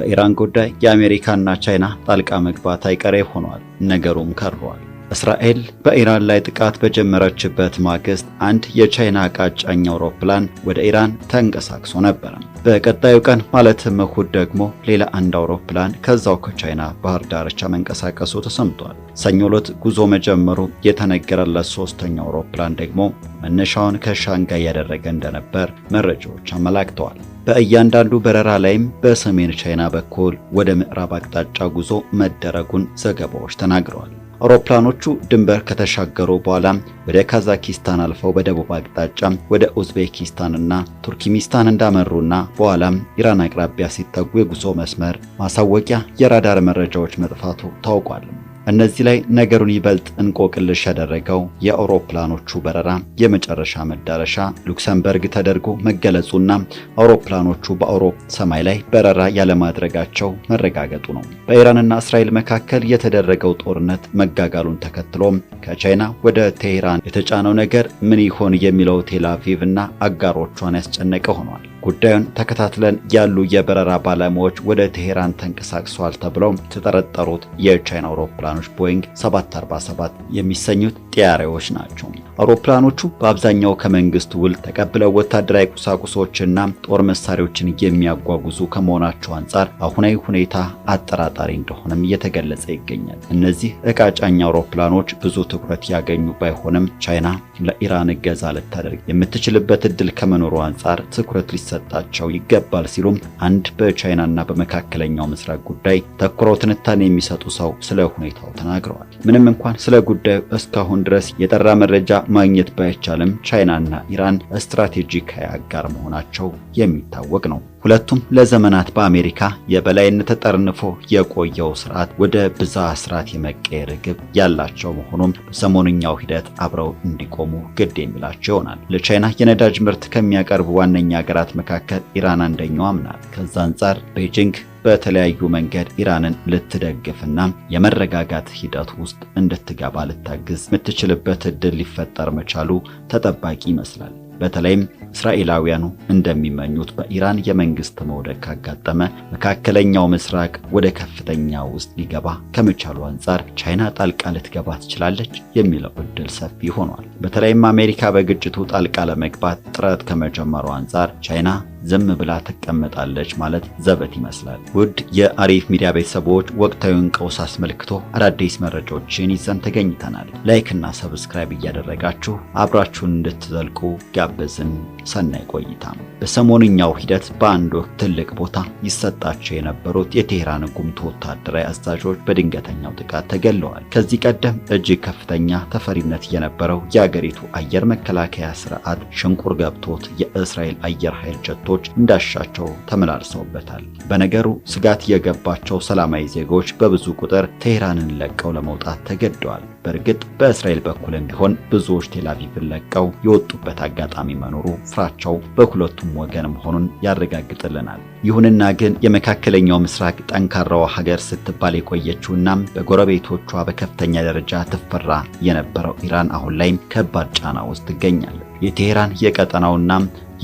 በኢራን ጉዳይ የአሜሪካና ቻይና ጣልቃ መግባት አይቀሬ ሆኗል። ነገሩም ከርሯል። እስራኤል በኢራን ላይ ጥቃት በጀመረችበት ማግስት አንድ የቻይና ዕቃ አውሮፕላን ወደ ኢራን ተንቀሳቅሶ ነበር። በቀጣዩ ቀን ማለትም እሁድ ደግሞ ሌላ አንድ አውሮፕላን ከዛው ከቻይና ባህር ዳርቻ መንቀሳቀሱ ተሰምቷል። ሰኞ ዕለት ጉዞ መጀመሩ የተነገረለት ሶስተኛው አውሮፕላን ደግሞ መነሻውን ከሻንጋይ ያደረገ እንደነበር መረጃዎች አመላክተዋል። በእያንዳንዱ በረራ ላይም በሰሜን ቻይና በኩል ወደ ምዕራብ አቅጣጫ ጉዞ መደረጉን ዘገባዎች ተናግረዋል። አውሮፕላኖቹ ድንበር ከተሻገሩ በኋላ ወደ ካዛኪስታን አልፈው በደቡብ አቅጣጫ ወደ ኡዝቤኪስታንና ቱርክሚስታን እንዳመሩና በኋላም ኢራን አቅራቢያ ሲጠጉ የጉዞ መስመር ማሳወቂያ የራዳር መረጃዎች መጥፋቱ ታውቋል። እነዚህ ላይ ነገሩን ይበልጥ እንቆቅልሽ ያደረገው የአውሮፕላኖቹ በረራ የመጨረሻ መዳረሻ ሉክሰምበርግ ተደርጎ መገለጹና አውሮፕላኖቹ በአውሮፕ ሰማይ ላይ በረራ ያለማድረጋቸው መረጋገጡ ነው። በኢራንና እስራኤል መካከል የተደረገው ጦርነት መጋጋሉን ተከትሎ ከቻይና ወደ ቴሄራን የተጫነው ነገር ምን ይሆን የሚለው ቴል አቪቭ እና አጋሮቿን ያስጨነቀ ሆኗል። ጉዳዩን ተከታትለን ያሉ የበረራ ባለሙያዎች ወደ ቴሄራን ተንቀሳቅሰዋል ተብለው የተጠረጠሩት የቻይና አውሮፕላኖች ቦይንግ 747 የሚሰኙት ጥያሬዎች ናቸው። አውሮፕላኖቹ በአብዛኛው ከመንግስት ውል ተቀብለው ወታደራዊ ቁሳቁሶችና ጦር መሳሪያዎችን የሚያጓጉዙ ከመሆናቸው አንጻር አሁናዊ ሁኔታ አጠራጣሪ እንደሆነም እየተገለጸ ይገኛል። እነዚህ እቃ ጫኝ አውሮፕላኖች ብዙ ትኩረት ያገኙ ባይሆንም ቻይና ለኢራን እገዛ ልታደርግ የምትችልበት እድል ከመኖሩ አንጻር ትኩረት ሊሰጣቸው ይገባል ሲሉም አንድ በቻይናና በመካከለኛው ምስራቅ ጉዳይ ተኩረው ትንታኔ የሚሰጡ ሰው ስለ ሁኔታው ተናግረዋል። ምንም እንኳን ስለ ጉዳዩ እስካሁን እስካሁን ድረስ የጠራ መረጃ ማግኘት ባይቻልም ቻይናና ኢራን ስትራቴጂካዊ አጋር መሆናቸው የሚታወቅ ነው። ሁለቱም ለዘመናት በአሜሪካ የበላይነት ተጠርንፎ የቆየው ስርዓት ወደ ብዝሃ ስርዓት የመቀየር ግብ ያላቸው መሆኑም በሰሞንኛው ሂደት አብረው እንዲቆሙ ግድ የሚላቸው ይሆናል። ለቻይና የነዳጅ ምርት ከሚያቀርቡ ዋነኛ ሀገራት መካከል ኢራን አንደኛዋም ናት። ከዛ አንጻር ቤጂንግ በተለያዩ መንገድ ኢራንን ልትደግፍና የመረጋጋት ሂደት ውስጥ እንድትገባ ልታግዝ የምትችልበት እድል ሊፈጠር መቻሉ ተጠባቂ ይመስላል። በተለይም እስራኤላውያኑ እንደሚመኙት በኢራን የመንግስት መውደቅ ካጋጠመ መካከለኛው ምስራቅ ወደ ከፍተኛ ውስጥ ሊገባ ከመቻሉ አንጻር ቻይና ጣልቃ ልትገባ ትችላለች የሚለው እድል ሰፊ ሆኗል። በተለይም አሜሪካ በግጭቱ ጣልቃ ለመግባት ጥረት ከመጀመሩ አንጻር ቻይና ዝም ብላ ትቀመጣለች ማለት ዘበት ይመስላል። ውድ የአሪፍ ሚዲያ ቤተሰቦች ወቅታዊውን ቀውስ አስመልክቶ አዳዲስ መረጃዎችን ይዘን ተገኝተናል። ላይክና ሰብስክራይብ እያደረጋችሁ አብራችሁን እንድትዘልቁ ጋበዝን። ሰናይ ቆይታ። በሰሞንኛው ሂደት በአንድ ወቅት ትልቅ ቦታ ይሰጣቸው የነበሩት የቴህራን ጉምቱ ወታደራዊ አዛዦች በድንገተኛው ጥቃት ተገለዋል። ከዚህ ቀደም እጅግ ከፍተኛ ተፈሪነት የነበረው የአገሪቱ አየር መከላከያ ስርዓት ሽንቁር ገብቶት የእስራኤል አየር ኃይል ጀቶ ወጣቶች እንዳሻቸው ተመላልሰውበታል። በነገሩ ስጋት የገባቸው ሰላማዊ ዜጎች በብዙ ቁጥር ቴህራንን ለቀው ለመውጣት ተገደዋል። በእርግጥ በእስራኤል በኩልም ቢሆን ብዙዎች ቴላቪቭን ለቀው የወጡበት አጋጣሚ መኖሩ ፍራቻው በሁለቱም ወገን መሆኑን ያረጋግጥልናል። ይሁንና ግን የመካከለኛው ምስራቅ ጠንካራዋ ሀገር ስትባል የቆየችውና በጎረቤቶቿ በከፍተኛ ደረጃ ትፈራ የነበረው ኢራን አሁን ላይም ከባድ ጫና ውስጥ ትገኛለች። የቴህራን የቀጠናውና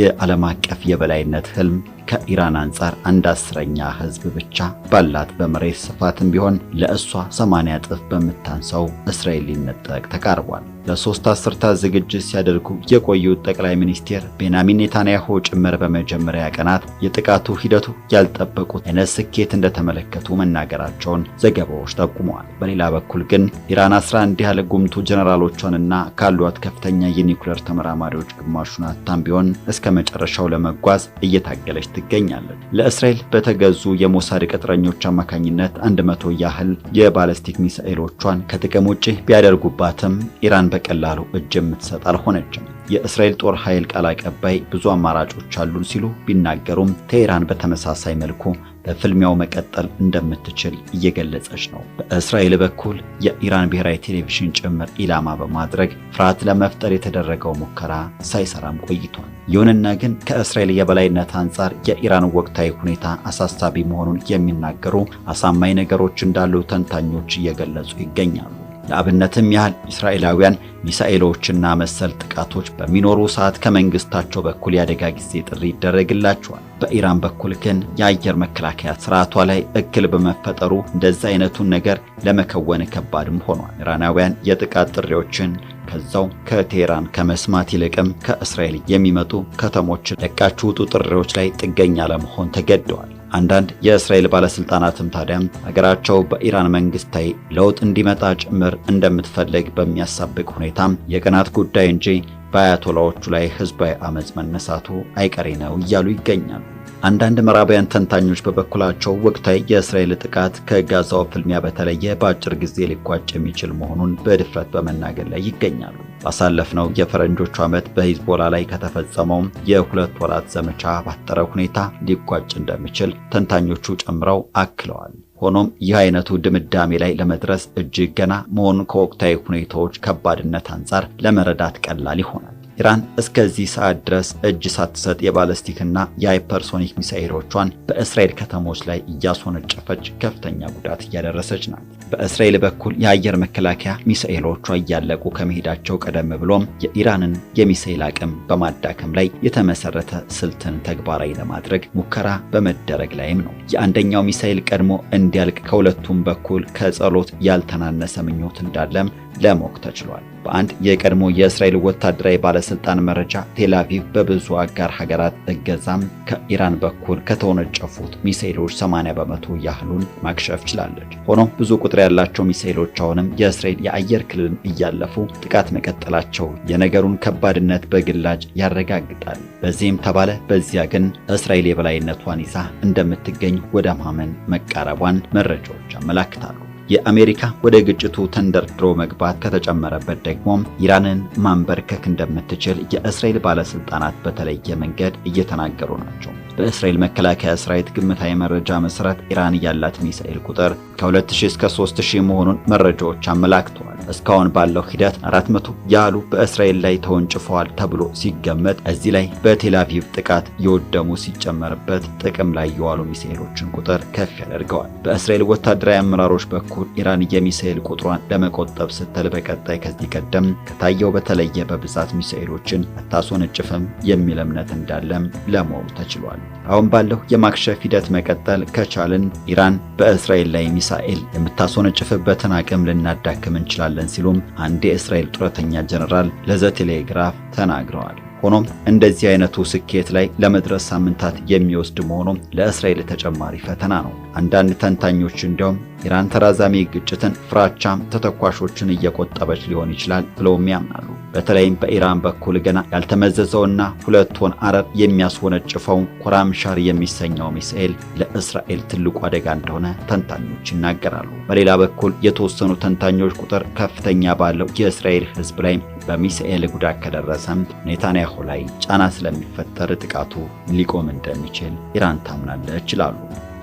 የዓለም አቀፍ የበላይነት ህልም ከኢራን አንጻር አንድ አስረኛ ህዝብ ብቻ ባላት በመሬት ስፋትም ቢሆን ለእሷ 80 እጥፍ በምታንሰው እስራኤል ሊነጠቅ ተቃርቧል። ለሶስት አስርታት ዝግጅት ሲያደርጉ የቆዩት ጠቅላይ ሚኒስቴር ቤንያሚን ኔታንያሁ ጭምር በመጀመሪያ ቀናት የጥቃቱ ሂደቱ ያልጠበቁት አይነት ስኬት እንደተመለከቱ መናገራቸውን ዘገባዎች ጠቁመዋል። በሌላ በኩል ግን ኢራን 11 ያለ ጉምቱ ጀነራሎቿንና ካሏት ከፍተኛ የኒውክሌር ተመራማሪዎች ግማሹን አታም ቢሆን እስከ መጨረሻው ለመጓዝ እየታገለች ትገኛለች። ለእስራኤል በተገዙ የሞሳድ ቅጥረኞች አማካኝነት 100 ያህል የባለስቲክ ሚሳኤሎቿን ከጥቅም ውጪ ቢያደርጉባትም ኢራን በቀላሉ እጅ የምትሰጥ አልሆነችም። የእስራኤል ጦር ኃይል ቃል አቀባይ ብዙ አማራጮች አሉን ሲሉ ቢናገሩም ቴሄራን በተመሳሳይ መልኩ በፍልሚያው መቀጠል እንደምትችል እየገለጸች ነው። በእስራኤል በኩል የኢራን ብሔራዊ ቴሌቪዥን ጭምር ኢላማ በማድረግ ፍርሃት ለመፍጠር የተደረገው ሙከራ ሳይሰራም ቆይቷል። ይሁንና ግን ከእስራኤል የበላይነት አንጻር የኢራን ወቅታዊ ሁኔታ አሳሳቢ መሆኑን የሚናገሩ አሳማኝ ነገሮች እንዳሉ ተንታኞች እየገለጹ ይገኛሉ። ለአብነትም ያህል እስራኤላውያን ሚሳኤሎችና መሰል ጥቃቶች በሚኖሩ ሰዓት ከመንግስታቸው በኩል የአደጋ ጊዜ ጥሪ ይደረግላቸዋል። በኢራን በኩል ግን የአየር መከላከያ ስርዓቷ ላይ እክል በመፈጠሩ እንደዚህ አይነቱን ነገር ለመከወን ከባድም ሆኗል። ኢራናውያን የጥቃት ጥሪዎችን ከዛው ከቴህራን ከመስማት ይልቅም ከእስራኤል የሚመጡ ከተሞች ለቃችሁ ውጡ ጥሪዎች ላይ ጥገኛ ለመሆን ተገደዋል። አንዳንድ የእስራኤል ባለስልጣናትም ታዲያም ሀገራቸው በኢራን መንግስት ላይ ለውጥ እንዲመጣ ጭምር እንደምትፈልግ በሚያሳብቅ ሁኔታ የቀናት ጉዳይ እንጂ በአያቶላዎቹ ላይ ህዝባዊ አመፅ መነሳቱ አይቀሬ ነው እያሉ ይገኛሉ። አንዳንድ ምዕራባውያን ተንታኞች በበኩላቸው ወቅታዊ የእስራኤል ጥቃት ከጋዛው ፍልሚያ በተለየ በአጭር ጊዜ ሊቋጭ የሚችል መሆኑን በድፍረት በመናገር ላይ ይገኛሉ። ባሳለፍነው የፈረንጆቹ ዓመት በሂዝቦላ ላይ ከተፈጸመው የሁለት ወራት ዘመቻ ባጠረ ሁኔታ ሊቋጭ እንደሚችል ተንታኞቹ ጨምረው አክለዋል። ሆኖም ይህ አይነቱ ድምዳሜ ላይ ለመድረስ እጅግ ገና መሆኑን ከወቅታዊ ሁኔታዎች ከባድነት አንጻር ለመረዳት ቀላል ይሆናል። ኢራን እስከዚህ ሰዓት ድረስ እጅ ሳትሰጥ የባለስቲክና የሃይፐርሶኒክ ሚሳኤሎቿን በእስራኤል ከተሞች ላይ እያስወነጨፈች ከፍተኛ ጉዳት እያደረሰች ናት። በእስራኤል በኩል የአየር መከላከያ ሚሳኤሎቿ እያለቁ ከመሄዳቸው ቀደም ብሎም የኢራንን የሚሳኤል አቅም በማዳከም ላይ የተመሰረተ ስልትን ተግባራዊ ለማድረግ ሙከራ በመደረግ ላይም ነው። የአንደኛው ሚሳኤል ቀድሞ እንዲያልቅ ከሁለቱም በኩል ከጸሎት ያልተናነሰ ምኞት እንዳለም ለማወቅ ተችሏል። በአንድ የቀድሞ የእስራኤል ወታደራዊ ባለስልጣን መረጃ ቴላቪቭ በብዙ አጋር ሀገራት እገዛም ከኢራን በኩል ከተወነጨፉት ሚሳኤሎች 80 በመቶ ያህሉን ማክሸፍ ችላለች። ሆኖም ብዙ ቁጥር ያላቸው ሚሳኤሎች አሁንም የእስራኤል የአየር ክልልን እያለፉ ጥቃት መቀጠላቸው የነገሩን ከባድነት በግላጭ ያረጋግጣል። በዚህም ተባለ በዚያ ግን እስራኤል የበላይነቷን ይዛ እንደምትገኝ ወደ ማመን መቃረቧን መረጃዎች አመላክታሉ። የአሜሪካ ወደ ግጭቱ ተንደርድሮ መግባት ከተጨመረበት ደግሞ ኢራንን ማንበርከክ እንደምትችል የእስራኤል ባለስልጣናት በተለየ መንገድ እየተናገሩ ናቸው። በእስራኤል መከላከያ ሰራዊት ግምታዊ መረጃ መሰረት ኢራን ያላት ሚሳኤል ቁጥር ከ2000 እስከ 3000 መሆኑን መረጃዎች አመላክተዋል። እስካሁን ባለው ሂደት 400 ያሉ በእስራኤል ላይ ተወንጭፈዋል ተብሎ ሲገመት እዚህ ላይ በቴላቪቭ ጥቃት የወደሙ ሲጨመርበት ጥቅም ላይ የዋሉ ሚሳኤሎችን ቁጥር ከፍ ያደርገዋል። በእስራኤል ወታደራዊ አመራሮች በኩል ኢራን የሚሳኤል ቁጥሯን ለመቆጠብ ስትል በቀጣይ ከዚህ ቀደም ከታየው በተለየ በብዛት ሚሳኤሎችን አታስወነጭፍም የሚል እምነት እንዳለም ለማወቅ ተችሏል። አሁን ባለው የማክሸፍ ሂደት መቀጠል ከቻልን ኢራን በእስራኤል ላይ ሚሳኤል የምታስወነጭፍበትን አቅም ልናዳክም እንችላለን ሲሉም አንድ የእስራኤል ጡረተኛ ጀነራል ለዘቴሌግራፍ ቴሌግራፍ ተናግረዋል። ሆኖም እንደዚህ አይነቱ ስኬት ላይ ለመድረስ ሳምንታት የሚወስድ መሆኑ ለእስራኤል ተጨማሪ ፈተና ነው። አንዳንድ ተንታኞች እንዲያውም ኢራን ተራዛሚ ግጭትን፣ ፍራቻም ተተኳሾችን እየቆጠበች ሊሆን ይችላል ብለውም ያምናሉ። በተለይም በኢራን በኩል ገና ያልተመዘዘውና ሁለት ቶን አረር የሚያስወነጭፈውን ኮራምሻር የሚሰኘው ሚሳኤል ለእስራኤል ትልቁ አደጋ እንደሆነ ተንታኞች ይናገራሉ። በሌላ በኩል የተወሰኑ ተንታኞች ቁጥር ከፍተኛ ባለው የእስራኤል ሕዝብ ላይ በሚሳኤል ጉዳት ከደረሰም ኔታንያሁ ላይ ጫና ስለሚፈጠር ጥቃቱ ሊቆም እንደሚችል ኢራን ታምናለች ይላሉ።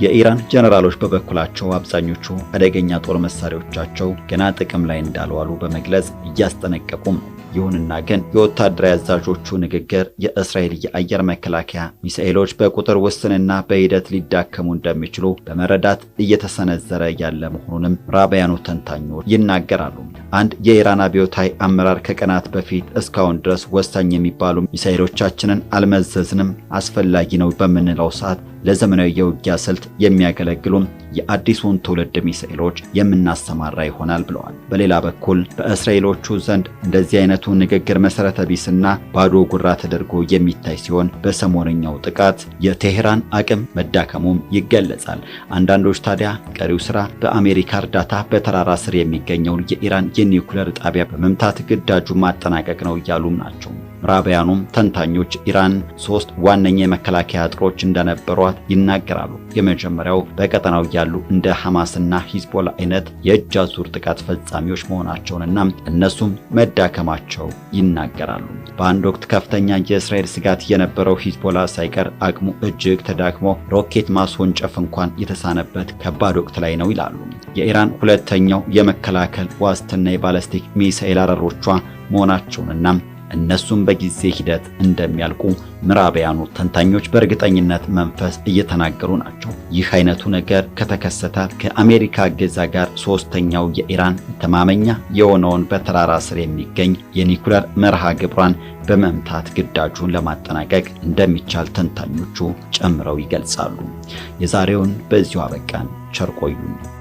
የኢራን ጀነራሎች በበኩላቸው አብዛኞቹ አደገኛ ጦር መሳሪያዎቻቸው ገና ጥቅም ላይ እንዳልዋሉ በመግለጽ እያስጠነቀቁም ነው። ይሁንና ግን የወታደራዊ አዛዦቹ ንግግር የእስራኤል የአየር መከላከያ ሚሳኤሎች በቁጥር ውስንና በሂደት ሊዳከሙ እንደሚችሉ በመረዳት እየተሰነዘረ ያለ መሆኑንም ምዕራባውያኑ ተንታኞች ይናገራሉ። አንድ የኢራን አብዮታዊ አመራር ከቀናት በፊት እስካሁን ድረስ ወሳኝ የሚባሉ ሚሳኤሎቻችንን አልመዘዝንም፣ አስፈላጊ ነው በምንለው ሰዓት ለዘመናዊ የውጊያ ስልት የሚያገለግሉ የአዲሱን ትውልድ ሚሳኤሎች የምናሰማራ ይሆናል ብለዋል። በሌላ በኩል በእስራኤሎቹ ዘንድ እንደዚህ አይነቱ ንግግር መሰረተ ቢስና ባዶ ጉራ ተደርጎ የሚታይ ሲሆን በሰሞነኛው ጥቃት የቴሄራን አቅም መዳከሙም ይገለጻል። አንዳንዶች ታዲያ ቀሪው ስራ በአሜሪካ እርዳታ በተራራ ስር የሚገኘውን የኢራን የኒውክለር ጣቢያ በመምታት ግዳጁ ማጠናቀቅ ነው እያሉም ናቸው። ምዕራባውያኑም ተንታኞች ኢራን ሶስት ዋነኛ የመከላከያ አጥሮች እንደነበሯት ይናገራሉ። የመጀመሪያው በቀጠናው ያሉ እንደ ሐማስና ሂዝቦላ አይነት የእጅ አዙር ጥቃት ፈጻሚዎች መሆናቸውንና እነሱም መዳከማቸው ይናገራሉ። በአንድ ወቅት ከፍተኛ የእስራኤል ስጋት የነበረው ሂዝቦላ ሳይቀር አቅሙ እጅግ ተዳክሞ ሮኬት ማስወንጨፍ እንኳን የተሳነበት ከባድ ወቅት ላይ ነው ይላሉ። የኢራን ሁለተኛው የመከላከል ዋስትና የባለስቲክ ሚሳኤል አረሮቿ መሆናቸውንና እነሱም በጊዜ ሂደት እንደሚያልቁ ምዕራባውያኑ ተንታኞች በእርግጠኝነት መንፈስ እየተናገሩ ናቸው። ይህ አይነቱ ነገር ከተከሰተ ከአሜሪካ ገዛ ጋር ሶስተኛው የኢራን ተማመኛ የሆነውን በተራራ ስር የሚገኝ የኒኩለር መርሃ ግብሯን በመምታት ግዳጁን ለማጠናቀቅ እንደሚቻል ተንታኞቹ ጨምረው ይገልጻሉ። የዛሬውን በዚሁ አበቃን። ቸር ቆዩን።